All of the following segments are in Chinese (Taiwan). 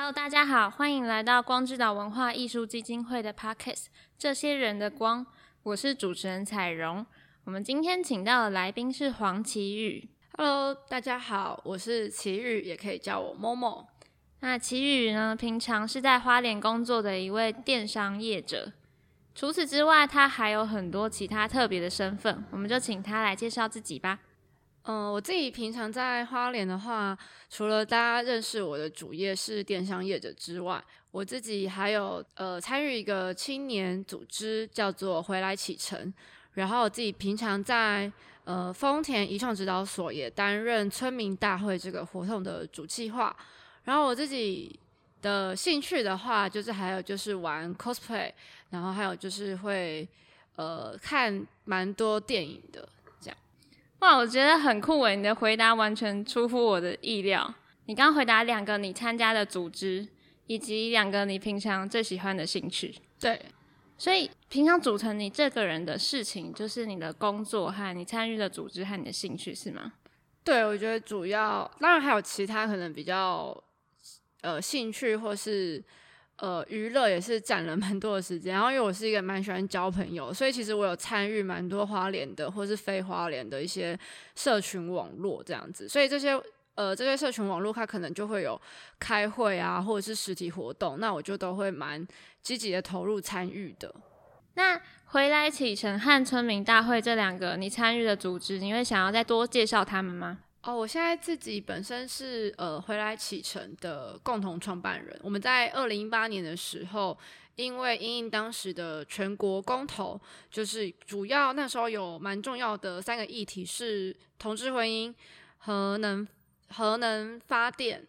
Hello，大家好，歡迎來到光之島文化藝術基金會的 Podcast《這些人的光》，我是主持人綵容。我們今天請到的來賓是黃綺瑀。Hello，大家好，我是綺瑀，也可以叫我 Momo。那綺瑀呢，平常是在花蓮工作的一位電商業者。除此之外，他還有很多其他特別的身份，我們就請他來介紹自己吧。嗯、呃，我自己平常在花蓮的話，除了大家認識我的主業是電商業者之外，我自己還有呃參與一個青年組織叫做回來啟程，然後我自己平常在呃豐田移創指導所也擔任村民大會這個活動的主企劃，然後我自己的興趣的話，就是還有就是玩 cosplay，然後還有就是會呃看蠻多電影的。哇，wow, 我覺得很酷誒！你的回答完全出乎我的意料。你剛回答兩個你參加的組織，以及兩個你平常最喜歡的興趣。對，所以平常組成你這個人的事情，就是你的工作和你參與的組織和你的興趣，是嗎？對，我覺得主要，當然還有其他可能比較，呃，興趣或是。呃，娛樂也是占了蠻多的時間，然後因為我是一個蠻喜歡交朋友，所以其實我有參與蠻多花蓮的或是非花蓮的一些社群網絡這樣子，所以這些呃這些社群網絡它可能就會有開會啊或者是實體活動，那我就都會蠻積極的投入參與的。那回來啟程和村民大會這兩個你參與的組織，你會想要再多介紹他們嗎？哦，我現在自己本身是呃回來啟程的共同創辦人。我們在二零一八年的時候，因為因應當時的全國公投，就是主要那時候有蠻重要的三個議題是同志婚姻、核能核能發電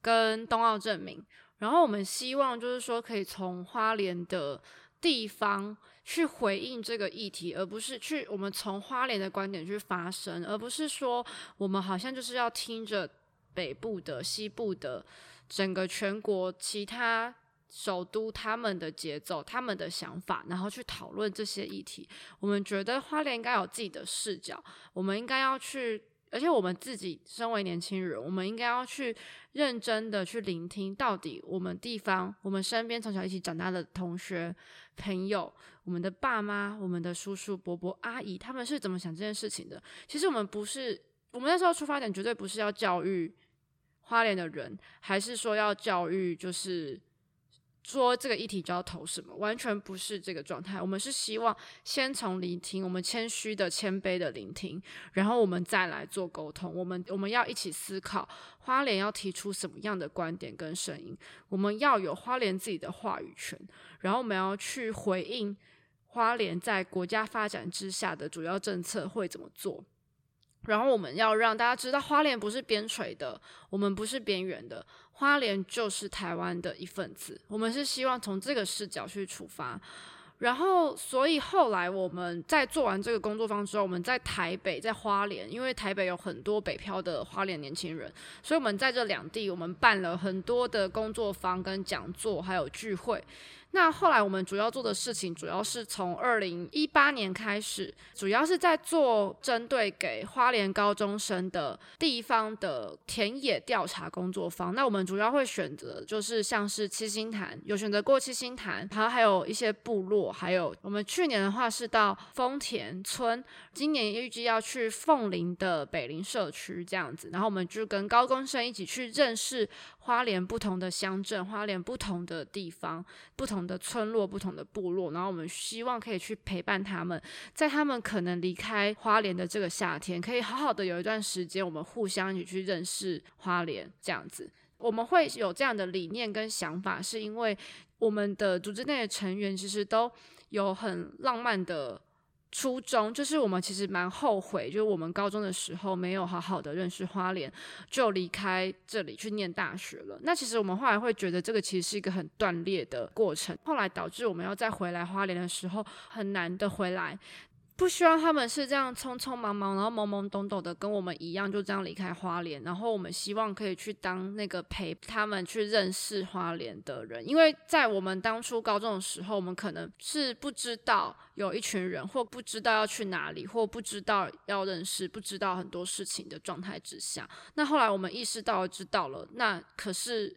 跟東奧正名。然後我們希望就是說可以從花蓮的地方。去回應這個議題，而不是去我們從花蓮的觀點去發聲，而不是說我們好像就是要聽着北部的、西部的、整個全國其他首都他們的節奏、他們的想法，然後去討論這些議題。我們覺得花蓮應該有自己的視角，我們應該要去。而且我們自己身為年輕人，我們應該要去認真的去聆聽，到底我們地方、我們身邊從小一起長大的同學、朋友、我們的爸媽、我們的叔叔伯伯、阿姨，他們是怎麼想這件事情的？其實我們不是，我們那時候出發點絕對不是要教育花蓮的人，還是說要教育就是。說這個議題就要投什麼，完全不是這個狀態。我們是希望先從聆聽，我們謙虛的、謙卑的聆聽，然後我們再來做溝通。我們我們要一起思考，花蓮要提出什麼樣的觀點跟聲音。我們要有花蓮自己的話語權，然後我們要去回應花蓮在國家發展之下的主要政策會怎麼做。然後我們要讓大家知道，花蓮不是邊陲的，我們不是邊緣的，花蓮就是台灣的一份子。我們是希望從這個視角去出發，然後所以後來我們在做完這個工作坊之後，我們在台北在花蓮，因為台北有很多北漂的花蓮年輕人，所以我們在這兩地我們辦了很多的工作坊跟講座，還有聚會。那後來我們主要做的事情，主要是從二零一八年開始，主要是在做針對給花蓮高中生的地方的田野調查工作坊，那我們主要會選擇就是像是七星潭，有選擇過七星潭，然後還有一些部落，還有我們去年的話是到豐田村，今年預計要去鳳林的北林社區這樣子。然後我們就跟高高中生一起去認識花蓮不同的鄉鎮，花蓮不同的地方，不同。不同的村落，不同的部落，然後我們希望可以去陪伴他們，在他們可能離開花蓮的這個夏天，可以好好的有一段時間，我們互相一起去認識花蓮，這樣子，我們會有這樣的理念跟想法，是因為我們的組織內的成員其實都有很浪漫的。初中就是我們其實蠻後悔，就是我們高中的時候沒有好好的認識花蓮，就離開這裡去念大學了。那其實我們後來會覺得這個其實是一個很斷裂的過程，後來導致我們要再回來花蓮的時候，很難的回來。不希望他們是這樣匆匆忙忙，然後懵懵懂懂的跟我們一樣就這樣離開花蓮，然後我們希望可以去當那個陪他們去認識花蓮的人，因為在我們當初高中的時候，我們可能是不知道有一群人，或不知道要去哪裡，或不知道要認識，不知道很多事情的狀態之下，那後來我們意識到，知道了，那可是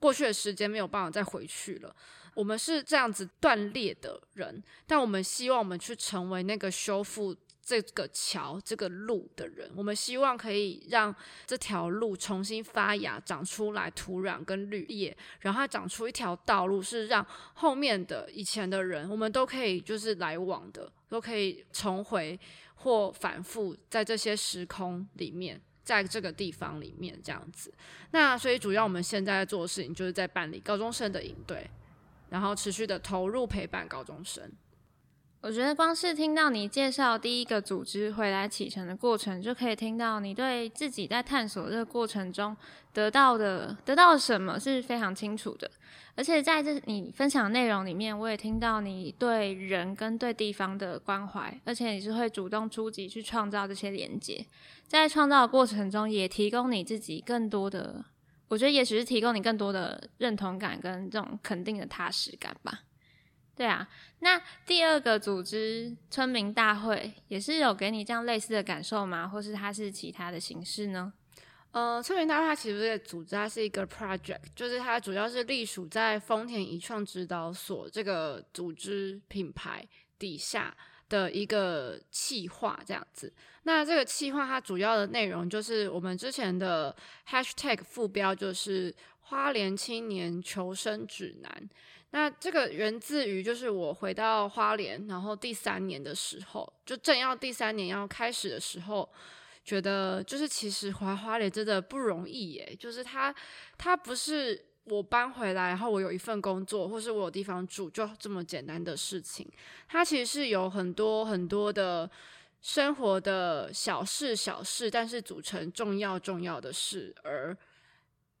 過去的時間沒有辦法再回去了。我們是這樣子斷裂的人，但我們希望我們去成為那個修復這個橋、這個路的人。我們希望可以讓這條路重新發芽、長出來土壤跟綠葉，然後長出一條道路，是讓後面的、以前的人，我們都可以就是來往的，都可以重回或反復在這些時空裡面，在這個地方裡面這樣子。那所以，主要我們現在在做的事情，就是在辦理高中生的營隊。然後持續的投入陪伴高中生。我覺得光是聽到你介紹第一個組織回來啟程的過程，就可以聽到你對自己在探索這個過程中得到的、得到的什麼是非常清楚的。而且在這你分享的內容裡面，我也聽到你對人跟對地方的關懷，而且你是會主動出擊去創造這些連接，在創造的過程中也提供你自己更多的。我覺得也許是提供你更多的認同感跟這種肯定的踏實感吧。對啊，那第二個組織村民大會也是有給你這樣類似的感受嗎？或是它是其他的形式呢？呃，村民大會它其實這個組織它是一個 project，就是它主要是隸屬在豐田一創指導所這個組織品牌底下。的一個企劃，這樣子。那這個企劃它主要的內容就是我們之前的 hashtag 副標就是“花蓮青年求生指南”。那這個源自於就是我回到花蓮，然後第三年的時候，就正要第三年要開始的時候，覺得就是其實來花蓮真的不容易耶、欸，就是它它不是。我搬回來，然後我有一份工作，或是我有地方住，就這麼簡單的事情。它其實是有很多很多的生活的小事小事，但是組成重要重要的事而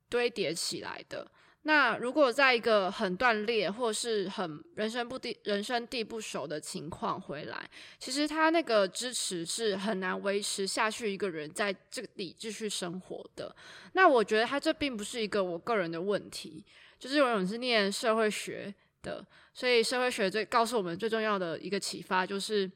堆疊起來的。那如果在一個很斷裂，或是很人生不地，人生地不熟的情況回來，其實他那個支持是很難維持下去，一個人在這裡繼續生活的。那我覺得他這並不是一個我個人的問題，就是因為我是念社會學的，所以社會學最告訴我們最重要的一個啟發就是。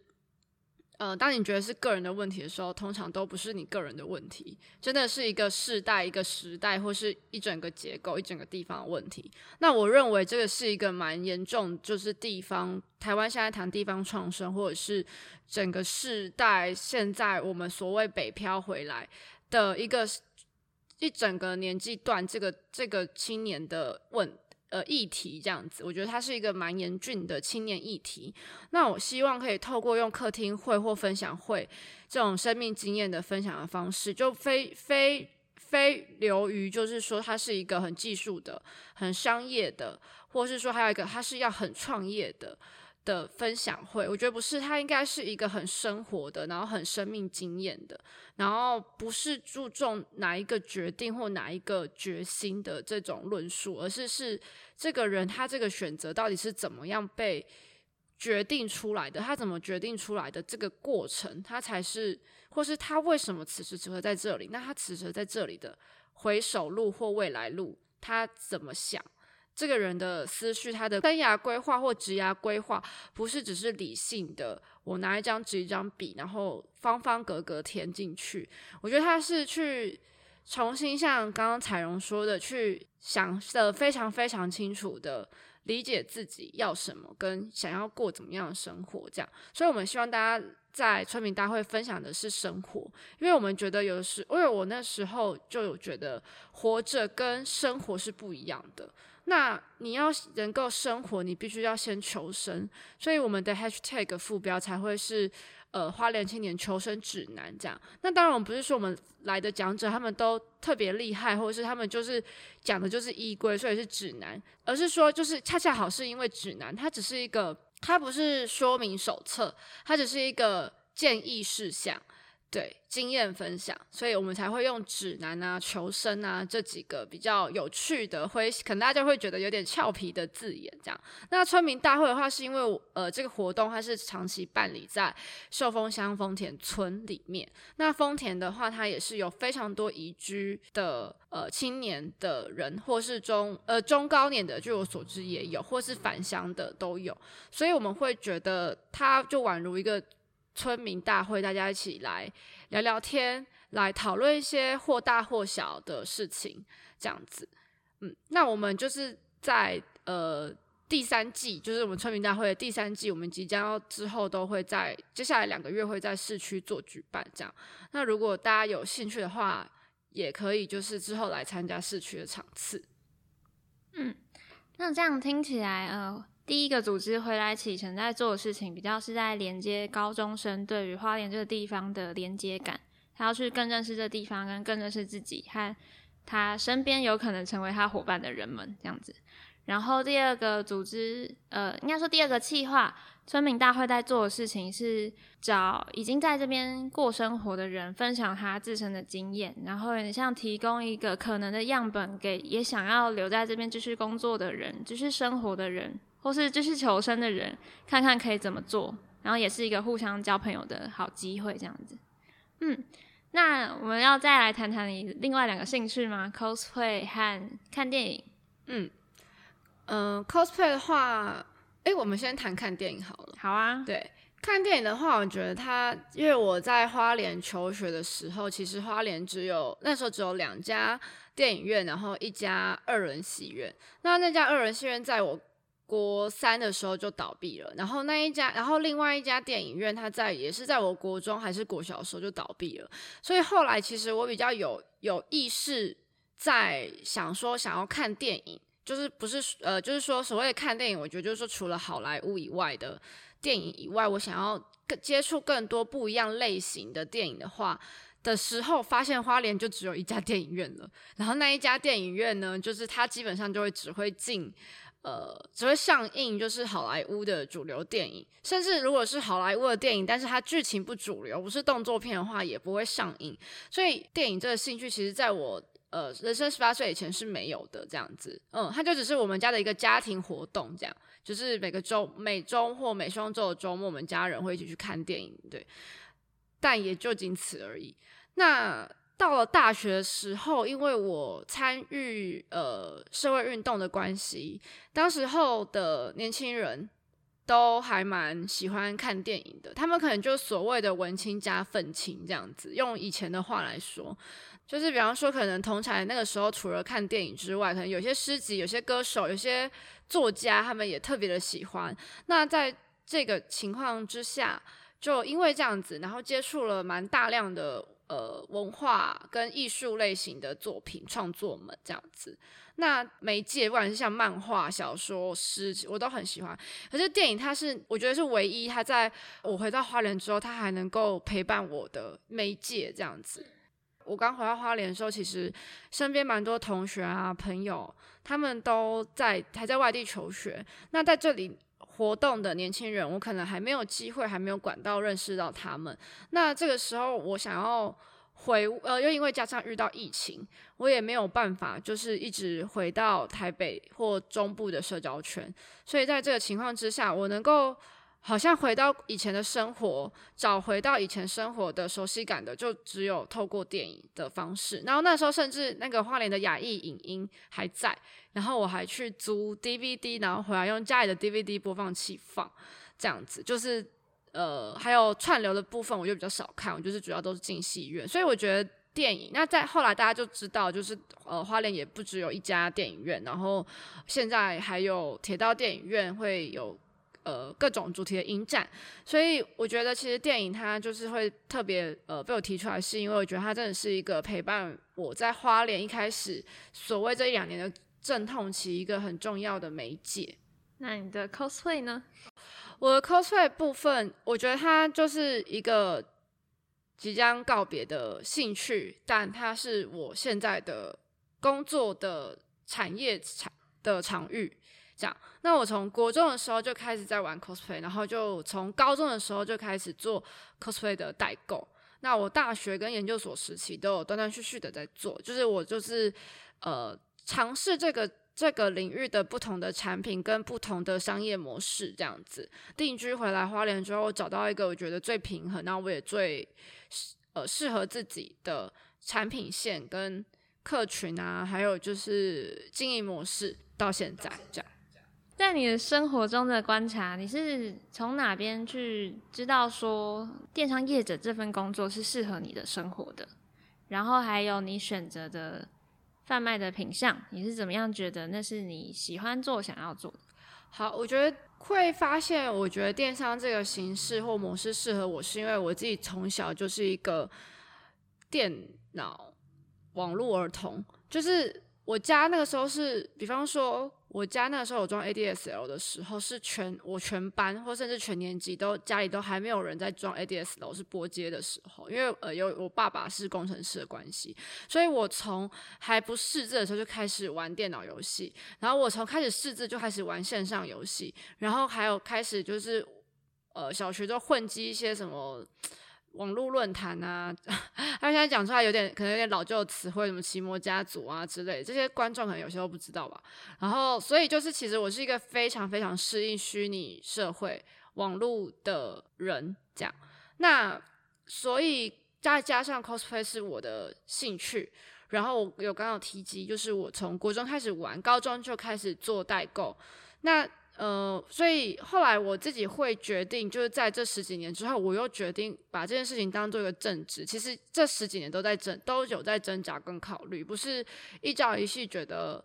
呃，當你覺得是個人的問題的時候，通常都不是你個人的問題，真的是一個世代、一個時代，或是一整個結構、一整個地方的問題。那我認為這個是一個蠻嚴重，就是地方，台灣現在談地方創生，或者是整個世代，現在我們所謂北漂回來的一個，一整個年紀段，這個這個青年的問題。呃，議題這樣子，我覺得它是一個蠻嚴峻的青年議題。那我希望可以透過用客廳會或分享會這種生命經驗的分享的方式，就非非非流於就是說，它是一個很技術的、很商業的，或是說還有一個，它是要很創業的。的分享會，我覺得不是，他應該是一個很生活的，然後很生命經驗的，然後不是注重哪一個決定或哪一個決心的這種論述，而是是這個人他這個選擇到底是怎麼樣被決定出來的，他怎麼決定出來的這個過程，他才是，或是他為什麼此時此刻在這裡，那他此時在這裡的回首路或未來路，他怎麼想？這個人的思緒，他的生涯規劃或職涯規劃，不是只是理性的。我拿一張紙、一張筆，然後方方格格填進去。我覺得他是去重新像剛剛綵容說的，去想的非常非常清楚的，理解自己要什麼，跟想要過怎麼樣的生活這樣。所以我們希望大家在村民大會分享的是生活，因為我們覺得有時，因為我那時候就有覺得活着跟生活是不一樣的。那你要能夠生活，你必須要先求生，所以我們的 #hashtag 副標才會是呃花蓮青年求生指南這樣。那當然，我們不是說我們來的講者他們都特別厲害，或者是他們就是講的就是依歸，所以是指南，而是說就是恰恰好是因為指南，它只是一個，它不是說明手冊，它只是一個建議事項。對，經驗分享，所以我們才會用指南啊、求生啊這幾個比較有趣的，會可能大家會覺得有點俏皮的字眼這樣。那村民大會的話，是因為呃，這個活動它是長期辦理在壽豐鄉豐田村裡面。那豐田的話，它也是有非常多移居的呃青年的人，或是中呃中高年的，據我所知也有，或是返鄉的都有。所以我們會覺得它就宛如一個。村民大會，大家一起來聊聊天，來討論一些或大或小的事情，這樣子。嗯，那我們就是在呃第三季，就是我們村民大會的第三季，我們即將要之後都會在接下來兩個月會在市區做舉辦這樣。那如果大家有興趣的話，也可以就是之後來參加市區的場次。嗯，那這樣聽起來呃、哦。第一個組織回來啟程在做的事情，比較是在連接高中生對於花蓮這個地方的連接感，他要去更認識這地方，跟更認識自己和他身邊有可能成為他伙伴的人們這樣子。然後第二個組織，呃，應該說第二個計劃，村民大會在做的事情是找已經在這邊過生活的人，分享他自身的經驗，然後也像提供一個可能的樣本給也想要留在這邊繼續工作的人，繼續生活的人。或是就是求生的人，看看可以怎麼做，然後也是一個互相交朋友的好機會，這樣子。嗯，那我們要再來談談你另外兩個興趣嗎？cosplay 和看電影。嗯嗯，呃，cosplay 的話，哎，我們先談看電影好了。好啊。對，看電影的話，我覺得它，因為我在花蓮求學的時候，其實花蓮只有那時候只有兩家電影院，然後一家二人戲院。那那家二人戲院在我國三的時候就倒閉了，然後那一家，然後另外一家電影院，它在也是在我國中還是國小的時候就倒閉了，所以後來其實我比較有有意識在想說想要看電影，就是不是呃，就是說所謂的看電影，我覺得就是說除了好萊塢以外的電影以外，我想要更接觸更多不一樣類型的電影的話的時候，發現花蓮就只有一家電影院了，然後那一家電影院呢，就是它基本上就會只會進，呃，只會上映，就是好萊塢的主流電影，甚至如果是好萊塢的電影，但是它劇情不主流，不是動作片的話，也不會上映。所以電影這個興趣，其實在我呃人生十八歲以前是沒有的。這樣子，嗯，它就只是我們家的一個家庭活動，這樣，就是每個周每周或每雙周的周末，我們家人會一起去看電影，對。但也就僅此而已。那到了大學的時候，因為我參與呃社會運動的關係，當時候的年輕人都還蠻喜歡看電影的。他們可能就所謂的文青加憤青這樣子，用以前的話來說，就是比方說可能同儕那個時候，除了看電影之外，可能有些詩集、有些歌手、有些作家，他們也特別的喜歡。那在這個情況之下，就因為這樣子，然後接觸了蠻大量的。呃，文化跟藝術類型的作品創作們這樣子，那媒介不管是像漫畫、小說、詩，我都很喜歡。可是電影，它是我覺得是唯一它在我回到花蓮之後，它還能夠陪伴我的媒介這樣子。我剛回到花蓮的時候，其實身邊蠻多同學啊、朋友，他們都在還在外地求學。那在這裡。活動的年輕人，我可能還沒有機會，還沒有管道認識到他們。那這個時候，我想要回，呃，又因為加上遇到疫情，我也沒有辦法，就是一直回到台北或中部的社交圈。所以在這個情況之下，我能夠。好像回到以前的生活，找回到以前生活的熟悉感的，就只有透過電影的方式。然後那時候甚至那個花蓮的雅藝影音還在，然後我還去租 DVD，然後回來用家裡的 DVD 播放器放，這樣子就是呃，還有串流的部分我就比較少看，我就是主要都是進戲院。所以我覺得電影，那在後來大家就知道，就是呃花蓮也不只有一家電影院，然後現在還有鐵道電影院會有。呃，各種主題的影展。所以我覺得其實電影它就是會特別呃被我提出來，是因為我覺得它真的是一個陪伴我在花蓮一開始所謂這一兩年的陣痛期一個很重要的媒介。那你的 cosplay 呢？我的 cosplay 部分，我覺得它就是一個即將告別的興趣，但它是我現在的工作的產業場的場域。這樣。那我從國中的時候就開始在玩 cosplay，然後就從高中的時候就開始做 cosplay 的代購。那我大學跟研究所時期都有斷斷續續的在做，就是我就是呃嘗試這個這個領域的不同的產品跟不同的商業模式這樣子。定居回來花蓮之後，我找到一個我覺得最平衡，那我也最適呃適合自己的產品線跟客群啊，還有就是經營模式，到現在這樣。在你的生活中的觀察，你是從哪邊去知道說電商業者這份工作是適合你的生活的？然後還有你選擇的販賣的品項，你是怎麼樣覺得那是你喜歡做、想要做的？好，我覺得會發現，我覺得電商這個形式或模式適合我，是因為我自己從小就是一個電腦網絡兒童，就是。我家那個時候是，比方說，我家那個時候我裝 ADSL 的時候，是全我全班或甚至全年級都家裡都還沒有人在裝 ADSL，是撥接的時候，因為呃有我爸爸是工程師的關係，所以我從還不識字的時候就開始玩電腦遊戲，然後我從開始識字就開始玩線上遊戲，然後還有開始就是呃小學都混跡一些什麼。網絡論壇啊，他現在講出來有點可能有點老舊詞彙，什麼奇摩家族啊之類，這些觀眾可能有些都不知道吧。然後，所以就是其實我是一個非常非常適應虛擬社會網絡的人，這樣。那所以再加上 cosplay 是我的興趣，然後我剛剛有剛剛提及，就是我從國中開始玩，高中就開始做代購，那。呃，所以後來我自己會決定，就是在這十幾年之後，我又決定把這件事情當做一個職志。其實這十幾年都在爭，都有在掙扎跟考慮，不是一朝一夕覺得，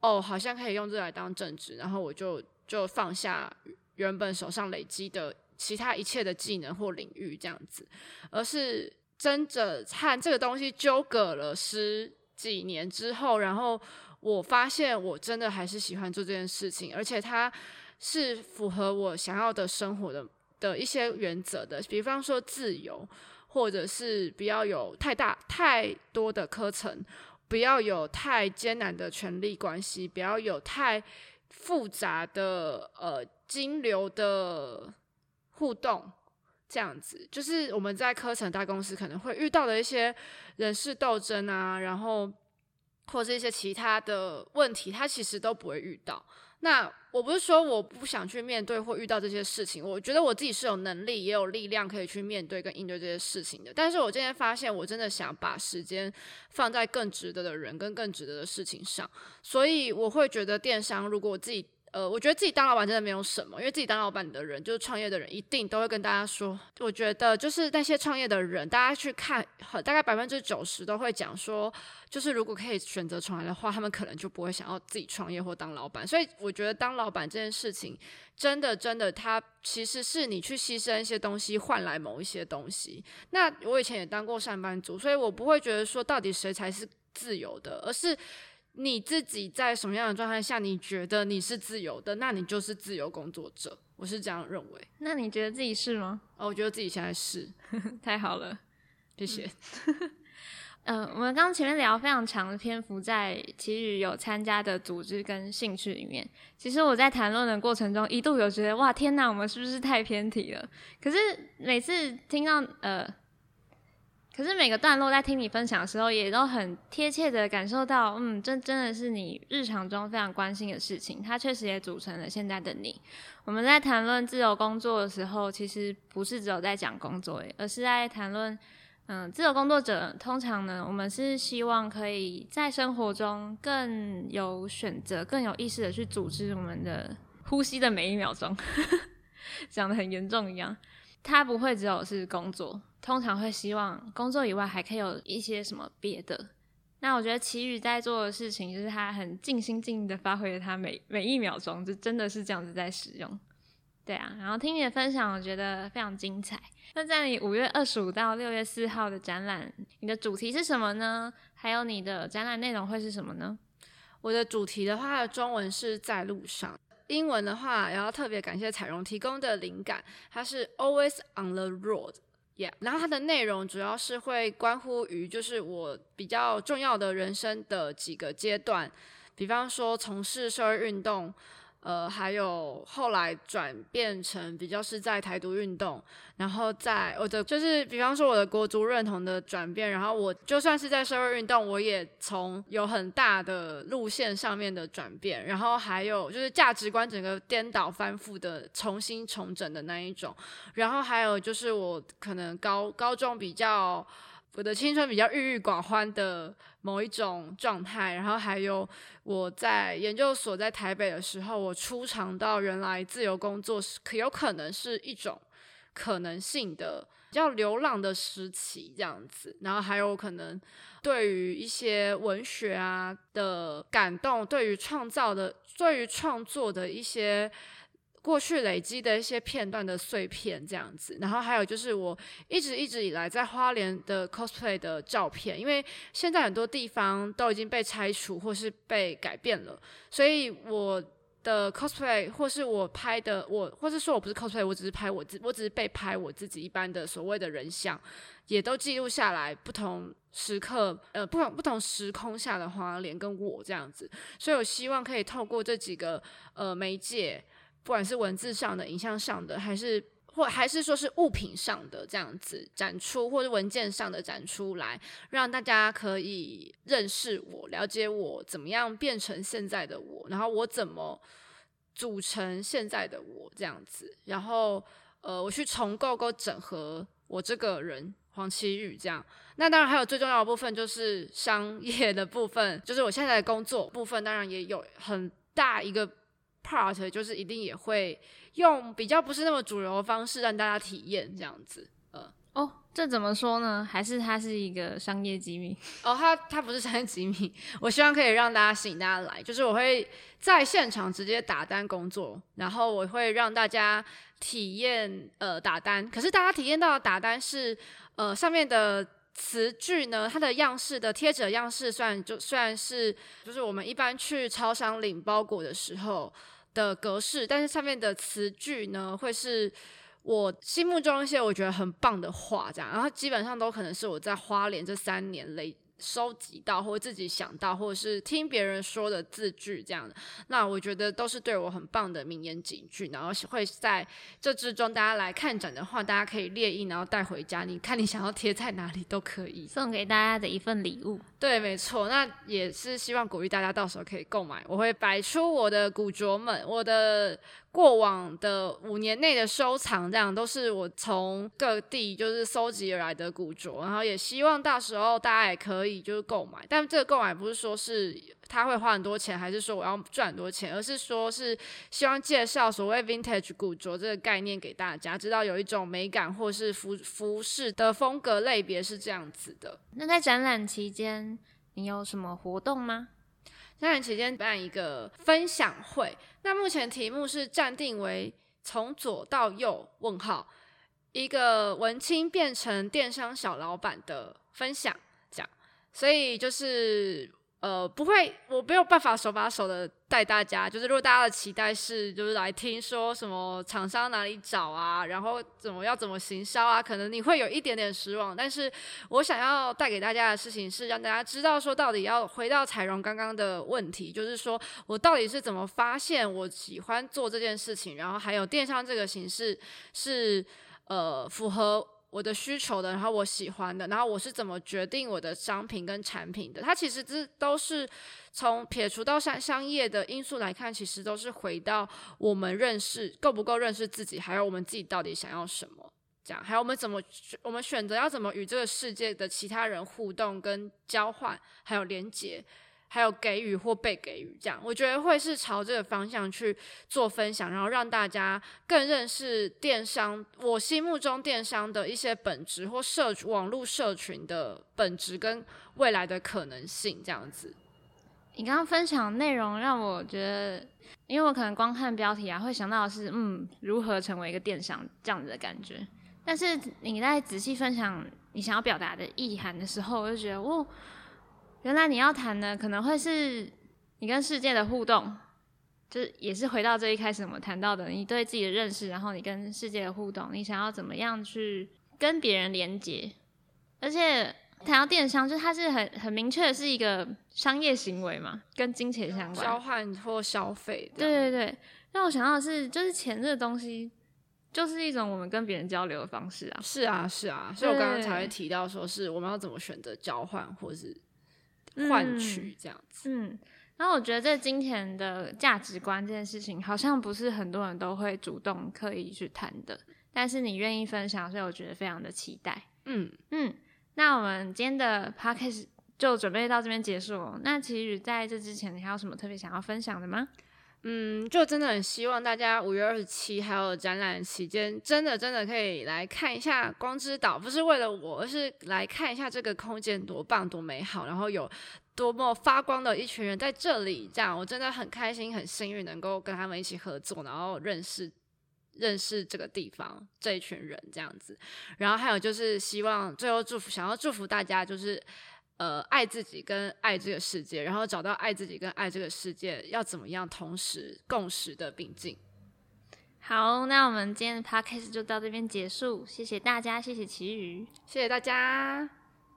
哦，好像可以用這來當職志，然後我就就放下原本手上累積的其他一切的技能或領域這樣子，而是真的和這個東西糾葛了十幾年之後，然後。我發現我真的還是喜歡做這件事情，而且它是符合我想要的生活的的一些原則的。比方說自由，或者是不要有太大太多的科層，不要有太艱難的權力關係，不要有太複雜的呃金流的互動。這樣子就是我們在科層大公司可能會遇到的一些人事鬥爭啊，然後。或是一些其他的問題，他其實都不會遇到。那我不是說我不想去面對或遇到這些事情，我覺得我自己是有能力也有力量可以去面對跟應對這些事情的。但是我今天發現，我真的想把時間放在更值得的人跟更值得的事情上，所以我會覺得電商如果我自己。呃，我覺得自己當老闆真的沒有什麼，因為自己當老闆的人就是創業的人，一定都會跟大家說，我覺得就是那些創業的人，大家去看，大概百分之九十都會講說，就是如果可以選擇重來的話，他們可能就不會想要自己創業或當老闆。所以我覺得當老闆這件事情，真的真的，它其實是你去犧牲一些東西換來某一些東西。那我以前也當過上班族，所以我不會覺得說到底誰才是自由的，而是，你自己在什麼樣的狀態下，你覺得你是自由的，那你就是自由工作者。我是這樣認為。那你覺得自己是嗎？哦，我覺得自己現在是， 太好了，謝謝。嗯、 呃，我們剛前面聊非常長的篇幅在綺瑀有參加的組織跟興趣裡面，其實我在談論的過程中，一度有覺得哇，天哪，我們是不是太偏題了？可是每次聽到呃。可是每個段落在聽你分享的時候，也都很貼切的感受到，嗯，這真的是你日常中非常關心的事情，它確實也組成了現在的你。我們在談論自由工作的時候，其實不是只有在講工作，而是在談論，嗯、呃，自由工作者，通常呢，我們是希望可以在生活中更有選擇、更有意識的去組織我們的呼吸的每一秒鐘，講 得很嚴重一樣。他不會只有是工作，通常會希望工作以外還可以有一些什麼別的。那我覺得綺瑀在做的事情就是他很盡心盡力的發揮，他每每一秒鐘就真的是這樣子在使用。對啊，然後聽你的分享，我覺得非常精彩。那在你五月二十五到六月四號的展覽，你的主題是什麼呢？還有你的展覽內容會是什麼呢？我的主題的話，中文是在路上。英文的話，也要特別感謝綵容提供的靈感，它是 always on the road，yeah。然後它的內容主要是會關乎於就是我比較重要的人生的幾個階段，比方說從事社會運動。呃，還有後來轉變成比較是在台獨運動，然後在我的就是比方說我的國族認同的轉變，然後我就算是在社會運動，我也從有很大的路線上面的轉變，然後還有就是價值觀整個顛倒翻覆的重新重整的那一種，然後還有就是我可能高高中比較。我的青春比較鬱鬱寡歡的某一種狀態，然後還有我在研究所在台北的時候，我初嘗到原來自由工作是可有可能是一種可能性的，比較流浪的時期這樣子，然後還有可能對於一些文學啊的感動，對於創造的對於創作的一些。過去累積的一些片段的碎片這樣子，然後還有就是我一直一直以來在花蓮的 cosplay 的照片，因為現在很多地方都已經被拆除或是被改變了，所以我的 cosplay 或是我拍的我，或是說我不是 cosplay，我只是拍我自，我只是被拍我自己一般的所謂的人像，也都記錄下來不同時刻，呃，不不同時空下的花蓮跟我這樣子，所以我希望可以透過這幾個呃媒介。不管是文字上的、影像上的，還是或還是說是物品上的這樣子展出，或者文件上的展出來，讓大家可以認識我、了解我，怎麼樣變成現在的我，然後我怎麼組成現在的我這樣子，然後呃，我去重構，構、跟整合我這個人黃綺瑀這樣。那當然還有最重要的部分就是商業的部分，就是我現在的工作部分，當然也有很大一個。part 就是一定也會用比較不是那麼主流的方式讓大家體驗這樣子，呃，哦，這怎麼說呢？還是它是一個商業機密？哦，它它不是商業機密。我希望可以讓大家吸引大家來，就是我會在現場直接打單工作，然後我會讓大家體驗呃打單，可是大家體驗到的打單是呃上面的。詞句呢，它的樣式的貼紙樣式，雖然就雖然是就是我們一般去超商領包裹的時候的格式，但是上面的詞句呢，會是我心目中一些我覺得很棒的話，這樣，然後基本上都可能是我在花蓮這三年累積。收集到或自己想到，或者是聽別人說的字句，這樣的，那我覺得都是對我很棒的名言警句。然後會在這之中，大家來看展的話，大家可以列印，然後帶回家。你看你想要貼在哪裡都可以，送給大家的一份禮物。對，沒錯，那也是希望鼓勵大家到時候可以購買。我會擺出我的古着們，我的。過往的五年內的收藏，這樣，都是我從各地就是蒐集而來的古着，然後也希望到時候大家也可以就是購買。但這個購買不是說是他會花很多錢，還是說我要賺很多錢，而是說是希望介紹所謂 vintage 古着這個概念給大家，知道有一種美感或是服服飾的風格類別是這樣子的。那在展覽期間，你有什麼活動嗎？三月期間辦一個分享會，那目前題目是暫定為從左到右問號，一個文青變成電商小老闆的分享，這樣，所以就是。呃，不會，我沒有辦法手把手的帶大家。就是如果大家的期待是，就是來聽說什麼廠商哪裡找啊，然後怎麼要怎麼行銷啊，可能你會有一點點失望。但是我想要帶給大家的事情是，讓大家知道說，到底要回到綵容剛剛的問題，就是說我到底是怎麼發現我喜歡做這件事情，然後還有電商這個形式是，呃，符合。我的需求的，然後我喜歡的，然後我是怎麼決定我的商品跟產品的。它其實這都是從撇除到商商業的因素來看，其實都是回到我們認識夠不夠認識自己，還有我們自己到底想要什麼，這樣，還有我們怎麼我們選擇要怎麼與這個世界的其他人互動跟交換，還有連接。還有給予或被給予這樣，我覺得會是朝這個方向去做分享，然後讓大家更認識電商。我心目中電商的一些本質或社網絡社群的本質跟未來的可能性這樣子。你剛剛分享的內容讓我覺得，因為我可能光看標題啊，會想到是嗯，如何成為一個電商這樣子的感覺。但是你在仔細分享你想要表達的意涵的時候，我就覺得哦。原來你要談的可能會是你跟世界的互動，就是也是回到這一開始我們談到的你對自己的認識，然後你跟世界的互動，你想要怎麼樣去跟別人連接？而且談到電商，就它是很很明確的是一個商業行為嘛，跟金錢相關，嗯、交換或消費。對對對，讓我想到的是，就是錢這個東西，就是一種我們跟別人交流的方式啊。是啊是啊，所以我剛剛才會提到說，是我們要怎麼選擇交換或是。換取這樣子，嗯，嗯，然後我覺得這今天的價值觀這件事情，好像不是很多人都會主動刻意去談的，但是你願意分享，所以我覺得非常的期待，嗯嗯，那我們今天的 podcast 就準備到這邊結束了。那其實在這之前，你還有什麼特別想要分享的嗎？嗯，就真的很希望大家五月二十七還有展覽期間，真的真的可以來看一下《光之島》，不是為了我，而是來看一下這個空間多棒、多美好，然後有多麼發光的一群人在這裡。這樣，我真的很開心、很幸運，能夠跟他們一起合作，然後認識認識這個地方、這一群人這樣子。然後還有就是希望最後祝福，想要祝福大家就是。呃，愛自己跟愛這個世界，然後找到愛自己跟愛這個世界要怎麼樣同時共識的並進。好，那我們今天的 podcast 就到這邊結束，謝謝大家，謝謝綺瑀，謝謝大家，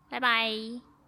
拜拜。